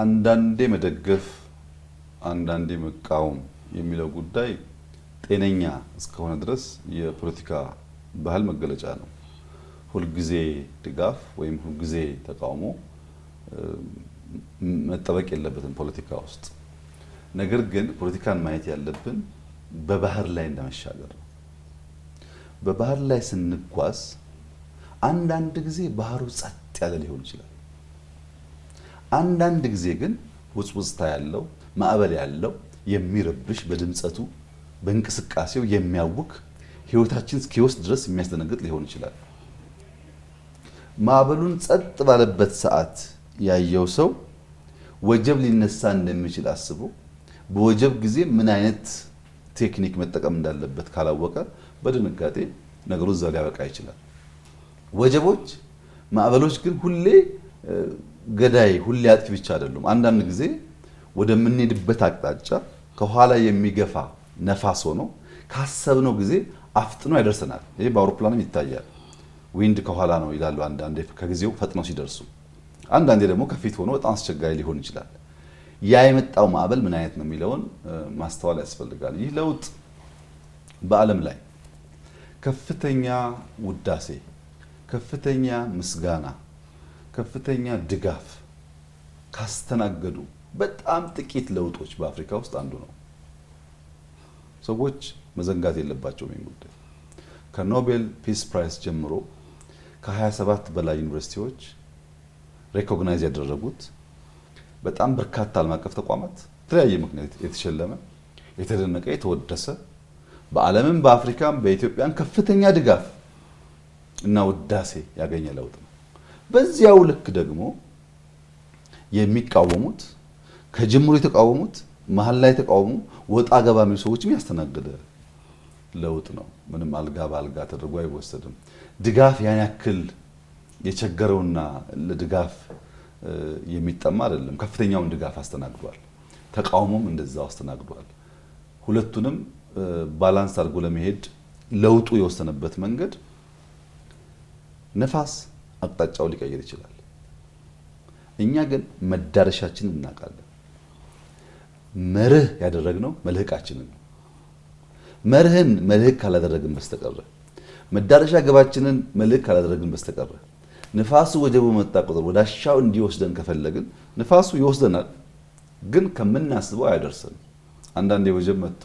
አንዳንዴ መደገፍ አንዳንዴ መቃወም የሚለው ጉዳይ ጤነኛ እስከሆነ ድረስ የፖለቲካ ባህል መገለጫ ነው። ሁልጊዜ ድጋፍ ወይም ሁልጊዜ ተቃውሞ መጠበቅ የለበትም ፖለቲካ ውስጥ። ነገር ግን ፖለቲካን ማየት ያለብን በባህር ላይ እንደመሻገር ነው። በባህር ላይ ስንጓዝ አንዳንድ ጊዜ ባህሩ ጸጥ ያለ ሊሆን ይችላል። አንዳንድ ጊዜ ግን ውጽውጽታ ያለው ማዕበል ያለው የሚረብሽ በድምፀቱ በእንቅስቃሴው የሚያውክ ህይወታችን እስኪወስድ ድረስ የሚያስደነግጥ ሊሆን ይችላል። ማዕበሉን ጸጥ ባለበት ሰዓት ያየው ሰው ወጀብ ሊነሳ እንደሚችል አስቦ በወጀብ ጊዜ ምን አይነት ቴክኒክ መጠቀም እንዳለበት ካላወቀ በድንጋጤ ነገሩ እዛ ሊያበቃ ይችላል። ወጀቦች፣ ማዕበሎች ግን ሁሌ ገዳይ ሁሌ አጥፊ ብቻ አይደሉም። አንዳንድ ጊዜ ወደምንሄድበት አቅጣጫ ከኋላ የሚገፋ ነፋስ ሆኖ ካሰብነው ጊዜ አፍጥኖ ያደርሰናል። ይህ በአውሮፕላንም ይታያል። ዊንድ ከኋላ ነው ይላሉ አንዳንዴ ከጊዜው ፈጥነው ሲደርሱ፣ አንዳንዴ ደግሞ ከፊት ሆኖ በጣም አስቸጋሪ ሊሆን ይችላል። ያ የመጣው ማዕበል ምን አይነት ነው የሚለውን ማስተዋል ያስፈልጋል። ይህ ለውጥ በዓለም ላይ ከፍተኛ ውዳሴ፣ ከፍተኛ ምስጋና ከፍተኛ ድጋፍ ካስተናገዱ በጣም ጥቂት ለውጦች በአፍሪካ ውስጥ አንዱ ነው። ሰዎች መዘንጋት የለባቸውም ይህን ጉዳይ። ከኖቤል ፒስ ፕራይስ ጀምሮ ከ27 በላይ ዩኒቨርሲቲዎች ሬኮግናይዝ ያደረጉት በጣም በርካታ ዓለም አቀፍ ተቋማት በተለያየ ምክንያት የተሸለመ የተደነቀ የተወደሰ በዓለምም በአፍሪካም በኢትዮጵያም ከፍተኛ ድጋፍ እና ውዳሴ ያገኘ ለውጥ ነው። በዚያው ልክ ደግሞ የሚቃወሙት ከጅምሩ የተቃወሙት መሀል ላይ የተቃወሙ ወጣ ገባ የሚሉ ሰዎችም ያስተናገደ ለውጥ ነው። ምንም አልጋ በአልጋ ተደርጎ አይወሰድም። ድጋፍ ያን ያክል የቸገረውና ለድጋፍ የሚጠማ አይደለም። ከፍተኛውን ድጋፍ አስተናግዷል። ተቃውሞም እንደዛው አስተናግዷል። ሁለቱንም ባላንስ አድርጎ ለመሄድ ለውጡ የወሰነበት መንገድ ነፋስ አቅጣጫው ሊቀይር ይችላል። እኛ ግን መዳረሻችንን እናውቃለን። መርህ ያደረግነው መልህቃችንን ነው። መርህን መልህቅ ካላደረግን በስተቀረ መዳረሻ ግባችንን መልህቅ ካላደረግን በስተቀረ ንፋሱ ወጀቡ መጣ ቁጥር ወዳሻው እንዲወስደን ከፈለግን ንፋሱ ይወስደናል፣ ግን ከምናስበው አያደርሰን። አንዳንድ ወጀብ መጥቶ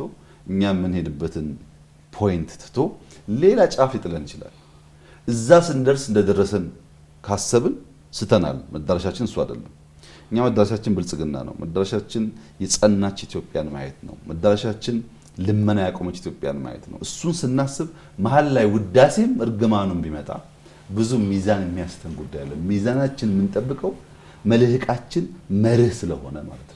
እኛ የምንሄድበትን ፖይንት ትቶ ሌላ ጫፍ ሊጥለን ይችላል። እዛ ስንደርስ እንደደረሰን ካሰብን ስተናል። መዳረሻችን እሱ አይደለም። እኛ መዳረሻችን ብልጽግና ነው። መዳረሻችን የጸናች ኢትዮጵያን ማየት ነው። መዳረሻችን ልመና ያቆመች ኢትዮጵያን ማየት ነው። እሱን ስናስብ መሀል ላይ ውዳሴም እርግማኑም ቢመጣ ብዙ ሚዛን የሚያስተን ጉዳይ አለ። ሚዛናችን የምንጠብቀው መልህቃችን መርህ ስለሆነ ማለት ነው።